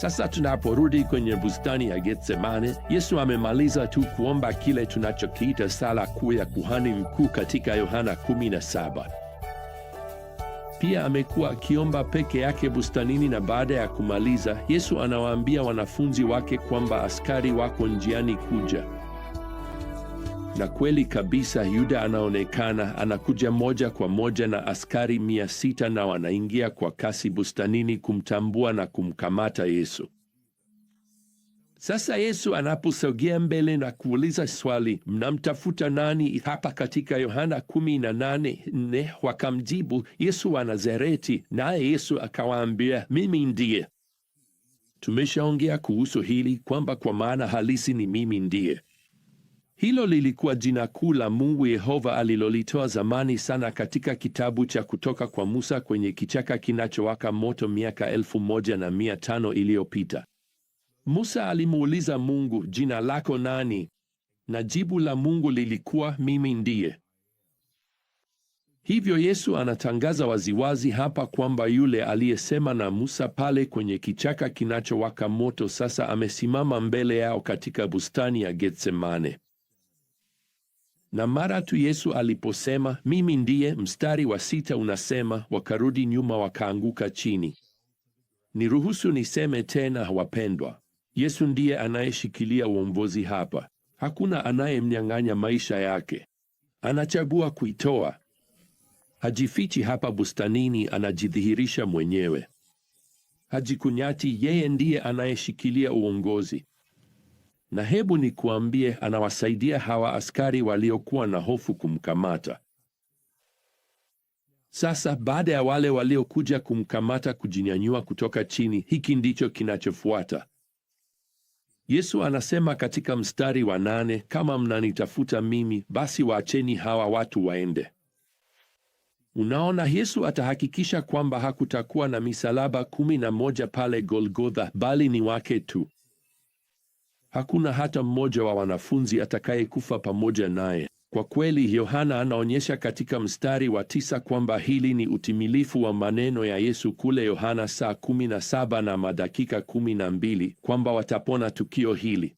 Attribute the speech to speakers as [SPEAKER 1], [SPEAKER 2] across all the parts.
[SPEAKER 1] Sasa tunaporudi kwenye bustani ya Getsemane, Yesu amemaliza tu kuomba kile tunachokiita sala kuu ya kuhani mkuu katika Yohana 17. Pia amekuwa akiomba peke yake bustanini, na baada ya kumaliza, Yesu anawaambia wanafunzi wake kwamba askari wako njiani kuja. Na kweli kabisa, Yuda anaonekana anakuja moja kwa moja na askari mia sita na wanaingia kwa kasi bustanini kumtambua na kumkamata Yesu. Sasa Yesu anaposogea mbele na kuuliza swali, mnamtafuta nani? Hapa katika Yohana kumi nane wakamjibu, Yesu wa Nazareti. Naye Yesu akawaambia, mimi ndiye. Tumeshaongea kuhusu hili kwamba kwa maana halisi ni mimi ndiye. Hilo lilikuwa jina kuu la Mungu Yehova alilolitoa zamani sana katika kitabu cha Kutoka kwa Musa kwenye kichaka kinachowaka moto miaka elfu moja na mia tano iliyopita. Musa alimuuliza Mungu, jina lako nani? Na jibu la Mungu lilikuwa mimi ndiye. Hivyo Yesu anatangaza waziwazi hapa kwamba yule aliyesema na Musa pale kwenye kichaka kinachowaka moto sasa amesimama mbele yao katika bustani ya Getsemane. Na mara tu Yesu aliposema mimi ndiye, mstari wa sita unasema wakarudi nyuma wakaanguka chini. Niruhusu niseme tena, wapendwa, Yesu ndiye anayeshikilia uongozi hapa. Hakuna anayemnyang'anya maisha yake, anachagua kuitoa. Hajifichi hapa bustanini, anajidhihirisha mwenyewe. Hajikunyati, yeye ndiye anayeshikilia uongozi. Na hebu nikuambie, anawasaidia hawa askari waliokuwa na hofu kumkamata. Sasa baada ya wale waliokuja kumkamata kujinyanyua kutoka chini, hiki ndicho kinachofuata. Yesu anasema katika mstari wa nane, kama mnanitafuta mimi, basi waacheni hawa watu waende. Unaona, Yesu atahakikisha kwamba hakutakuwa na misalaba kumi na moja pale Golgotha, bali ni wake tu. Hakuna hata mmoja wa wanafunzi atakayekufa pamoja naye. Kwa kweli, Yohana anaonyesha katika mstari wa tisa kwamba hili ni utimilifu wa maneno ya Yesu kule Yohana saa kumi na saba na madakika kumi na mbili kwamba watapona tukio hili,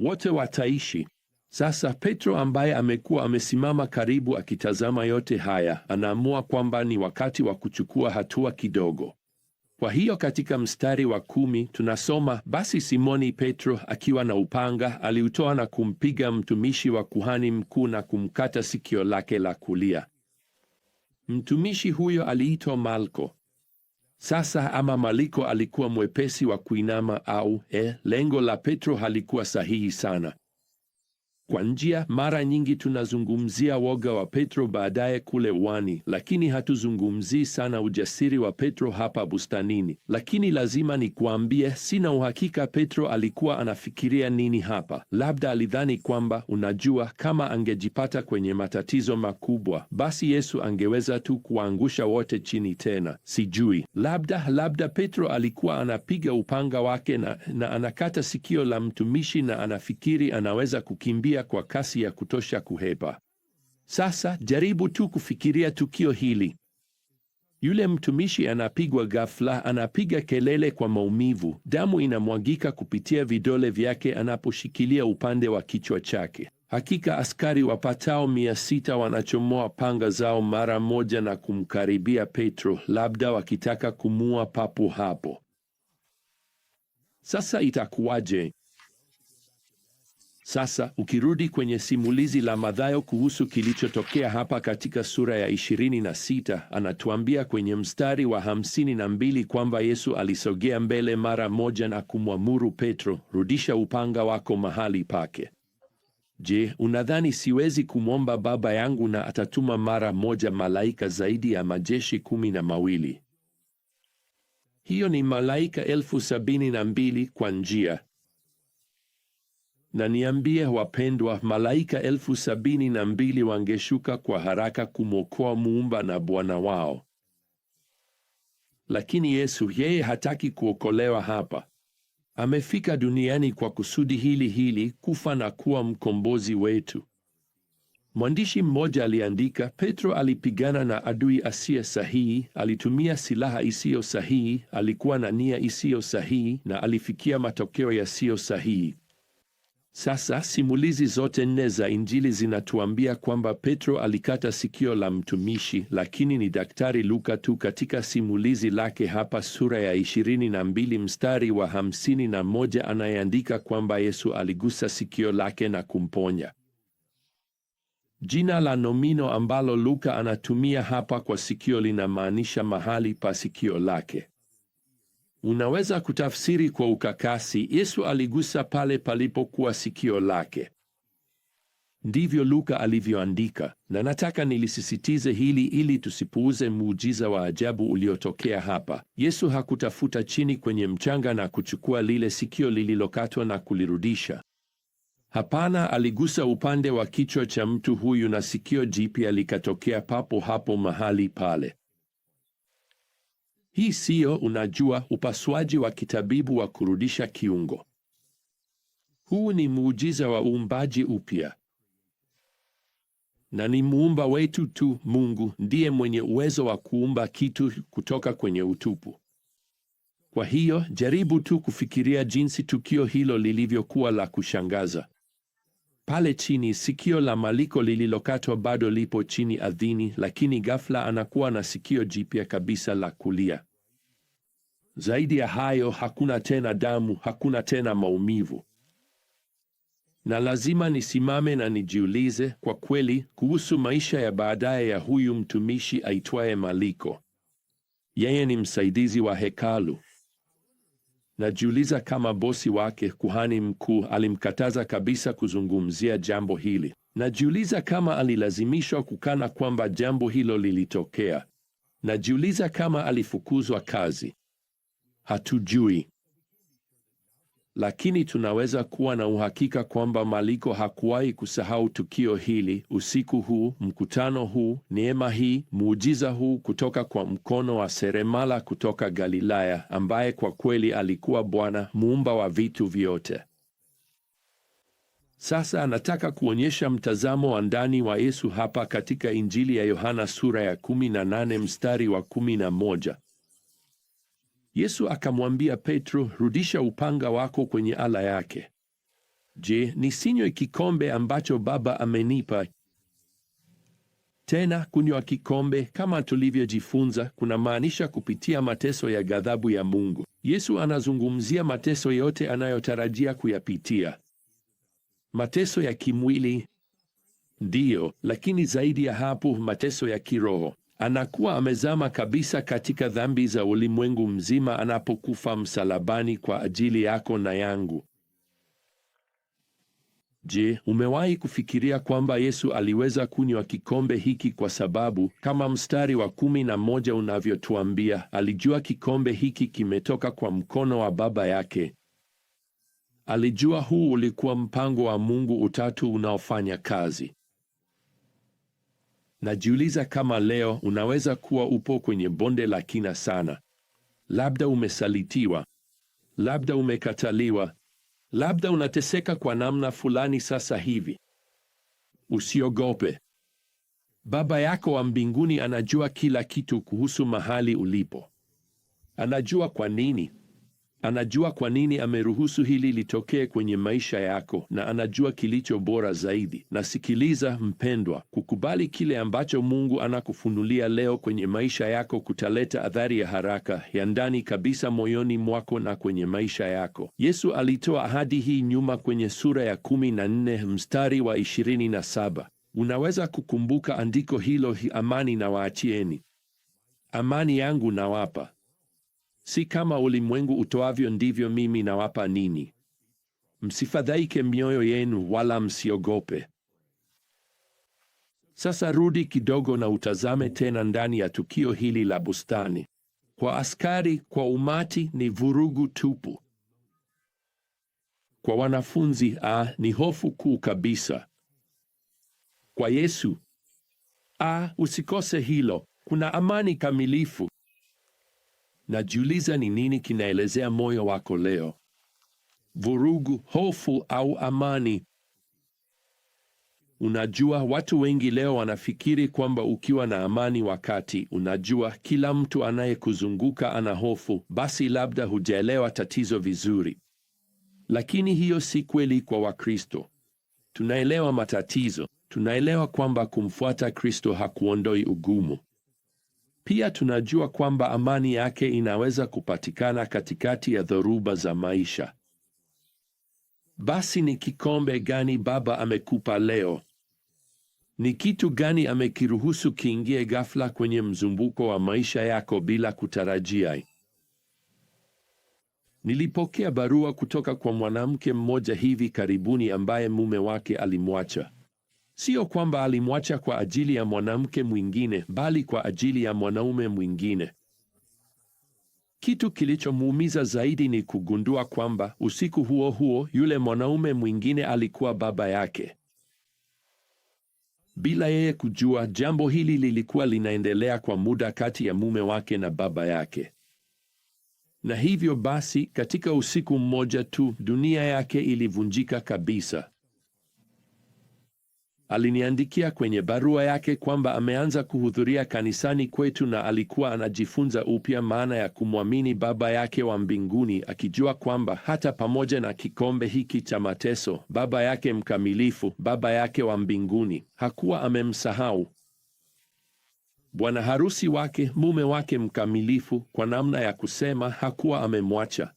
[SPEAKER 1] wote wataishi. Sasa Petro ambaye amekuwa amesimama karibu akitazama yote haya, anaamua kwamba ni wakati wa kuchukua hatua kidogo. Kwa hiyo katika mstari wa kumi tunasoma, basi Simoni Petro akiwa na upanga aliutoa na kumpiga mtumishi wa kuhani mkuu na kumkata sikio lake la kulia. Mtumishi huyo aliitwa Malko. Sasa ama Maliko alikuwa mwepesi wa kuinama au e, lengo la Petro halikuwa sahihi sana. Kwa njia, mara nyingi tunazungumzia woga wa Petro baadaye kule uani, lakini hatuzungumzii sana ujasiri wa Petro hapa bustanini. Lakini lazima nikuambie, sina uhakika Petro alikuwa anafikiria nini hapa. Labda alidhani kwamba, unajua, kama angejipata kwenye matatizo makubwa, basi Yesu angeweza tu kuwaangusha wote chini tena. Sijui, labda labda Petro alikuwa anapiga upanga wake na, na anakata sikio la mtumishi na anafikiri anaweza kukimbia kukimbia kwa kasi ya kutosha kuhepa. Sasa jaribu tu kufikiria tukio hili. Yule mtumishi anapigwa ghafla, anapiga kelele kwa maumivu, damu inamwagika kupitia vidole vyake anaposhikilia upande wa kichwa chake. Hakika askari wapatao mia sita wanachomoa panga zao mara moja na kumkaribia Petro, labda wakitaka kumua papo hapo. Sasa itakuwaje? Sasa ukirudi kwenye simulizi la Mathayo kuhusu kilichotokea hapa katika sura ya 26, anatuambia kwenye mstari wa 52 kwamba Yesu alisogea mbele mara moja na kumwamuru Petro, rudisha upanga wako mahali pake. Je, unadhani siwezi kumwomba Baba yangu na atatuma mara moja malaika zaidi ya majeshi kumi na mawili? Hiyo ni malaika elfu sabini na mbili kwa njia na niambie, wapendwa, malaika elfu sabini na mbili wangeshuka kwa haraka kumwokoa muumba na Bwana wao. Lakini Yesu yeye hataki kuokolewa hapa. Amefika duniani kwa kusudi hili hili, kufa na kuwa mkombozi wetu. Mwandishi mmoja aliandika, Petro alipigana na adui asiye sahihi, alitumia silaha isiyo sahihi, alikuwa na nia isiyo sahihi na alifikia matokeo yasiyo sahihi. Sasa simulizi zote nne za Injili zinatuambia kwamba Petro alikata sikio la mtumishi, lakini ni Daktari Luka tu katika simulizi lake hapa sura ya 22 mstari wa 51 anayeandika kwamba Yesu aligusa sikio lake na kumponya. Jina la nomino ambalo Luka anatumia hapa kwa sikio linamaanisha mahali pa sikio lake. Unaweza kutafsiri kwa ukakasi, Yesu aligusa pale palipokuwa sikio lake. Ndivyo Luka alivyoandika, na nataka nilisisitize hili ili tusipuuze muujiza wa ajabu uliotokea hapa. Yesu hakutafuta chini kwenye mchanga na kuchukua lile sikio lililokatwa na kulirudisha. Hapana, aligusa upande wa kichwa cha mtu huyu na sikio jipya likatokea papo hapo mahali pale. Hii siyo, unajua, upasuaji wa kitabibu wa kurudisha kiungo. Huu ni muujiza wa uumbaji upya, na ni muumba wetu tu. Mungu ndiye mwenye uwezo wa kuumba kitu kutoka kwenye utupu. Kwa hiyo jaribu tu kufikiria jinsi tukio hilo lilivyokuwa la kushangaza. Pale chini sikio la maliko lililokatwa bado lipo chini ardhini, lakini ghafla anakuwa na sikio jipya kabisa la kulia. Zaidi ya hayo, hakuna tena damu, hakuna tena maumivu. Na lazima nisimame na nijiulize kwa kweli kuhusu maisha ya baadaye ya huyu mtumishi aitwaye Maliko. Yeye ni msaidizi wa hekalu. Najiuliza kama bosi wake kuhani mkuu alimkataza kabisa kuzungumzia jambo hili. Najiuliza kama alilazimishwa kukana kwamba jambo hilo lilitokea. Najiuliza kama alifukuzwa kazi. Hatujui lakini tunaweza kuwa na uhakika kwamba Maliko hakuwahi kusahau tukio hili, usiku huu, mkutano huu, neema hii, muujiza huu kutoka kwa mkono wa seremala kutoka Galilaya, ambaye kwa kweli alikuwa Bwana muumba wa vitu vyote. Sasa anataka kuonyesha mtazamo wa ndani wa Yesu hapa katika Injili ya Yohana sura ya 18 mstari wa 11. Yesu akamwambia Petro, rudisha upanga wako kwenye ala yake. Je, nisinywe kikombe ambacho Baba amenipa? Tena kunywa kikombe, kama tulivyojifunza, kunamaanisha kupitia mateso ya ghadhabu ya Mungu. Yesu anazungumzia mateso yote anayotarajia kuyapitia, mateso ya kimwili ndiyo, lakini zaidi ya hapo, mateso ya kiroho anakuwa amezama kabisa katika dhambi za ulimwengu mzima anapokufa msalabani kwa ajili yako na yangu. Je, umewahi kufikiria kwamba Yesu aliweza kunywa kikombe hiki kwa sababu kama mstari wa kumi na moja unavyotuambia, alijua kikombe hiki kimetoka kwa mkono wa Baba yake. Alijua huu ulikuwa mpango wa Mungu Utatu unaofanya kazi. Najiuliza kama leo unaweza kuwa upo kwenye bonde la kina sana. Labda umesalitiwa, labda umekataliwa, labda unateseka kwa namna fulani sasa hivi. Usiogope, Baba yako wa mbinguni anajua kila kitu kuhusu mahali ulipo, anajua kwa nini Anajua kwa nini ameruhusu hili litokee kwenye maisha yako, na anajua kilicho bora zaidi. nasikiliza mpendwa, kukubali kile ambacho Mungu anakufunulia leo kwenye maisha yako kutaleta athari ya haraka ya ndani kabisa moyoni mwako na kwenye maisha yako. Yesu alitoa ahadi hii nyuma kwenye sura ya 14 mstari wa 27. Unaweza kukumbuka andiko hilo: amani na waachieni, amani yangu nawapa Si kama ulimwengu utoavyo ndivyo mimi nawapa ninyi. Msifadhaike mioyo yenu, wala msiogope. Sasa rudi kidogo na utazame tena ndani ya tukio hili la bustani. Kwa askari, kwa umati ni vurugu tupu. Kwa wanafunzi a, ni hofu kuu kabisa. Kwa Yesu a, usikose hilo. Kuna amani kamilifu. Najiuliza ni nini kinaelezea moyo wako leo: vurugu, hofu au amani? Unajua, watu wengi leo wanafikiri kwamba ukiwa na amani wakati unajua kila mtu anayekuzunguka ana hofu, basi labda hujaelewa tatizo vizuri. Lakini hiyo si kweli kwa Wakristo. Tunaelewa matatizo, tunaelewa kwamba kumfuata Kristo hakuondoi ugumu, pia tunajua kwamba amani yake inaweza kupatikana katikati ya dhoruba za maisha. Basi ni kikombe gani Baba amekupa leo? Ni kitu gani amekiruhusu kiingie ghafla kwenye mzumbuko wa maisha yako bila kutarajia? Nilipokea barua kutoka kwa mwanamke mmoja hivi karibuni ambaye mume wake alimwacha. Sio kwamba alimwacha kwa ajili ya mwanamke mwingine, bali kwa ajili ya mwanaume mwingine. Kitu kilichomuumiza zaidi ni kugundua kwamba usiku huo huo yule mwanaume mwingine alikuwa baba yake. Bila yeye kujua, jambo hili lilikuwa linaendelea kwa muda kati ya mume wake na baba yake. Na hivyo basi, katika usiku mmoja tu, dunia yake ilivunjika kabisa. Aliniandikia kwenye barua yake kwamba ameanza kuhudhuria kanisani kwetu na alikuwa anajifunza upya maana ya kumwamini Baba yake wa mbinguni, akijua kwamba hata pamoja na kikombe hiki cha mateso, Baba yake mkamilifu, Baba yake wa mbinguni hakuwa amemsahau bwana harusi wake, mume wake mkamilifu, kwa namna ya kusema, hakuwa amemwacha.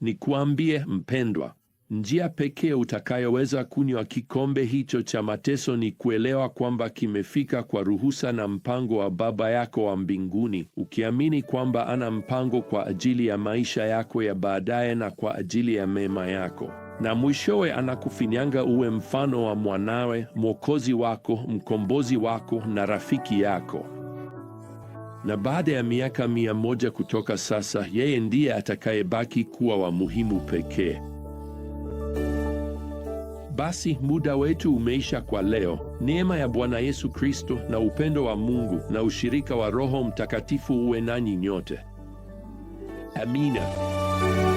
[SPEAKER 1] Nikuambie mpendwa, Njia pekee utakayoweza kunywa kikombe hicho cha mateso ni kuelewa kwamba kimefika kwa ruhusa na mpango wa Baba yako wa mbinguni, ukiamini kwamba ana mpango kwa ajili ya maisha yako ya baadaye na kwa ajili ya mema yako, na mwishowe anakufinyanga uwe mfano wa mwanawe, mwokozi wako, mkombozi wako na rafiki yako. Na baada ya miaka mia moja kutoka sasa, yeye ndiye atakayebaki kuwa wa muhimu pekee. Basi muda wetu umeisha kwa leo. Neema ya Bwana Yesu Kristo na upendo wa Mungu na ushirika wa Roho Mtakatifu uwe nanyi nyote. Amina.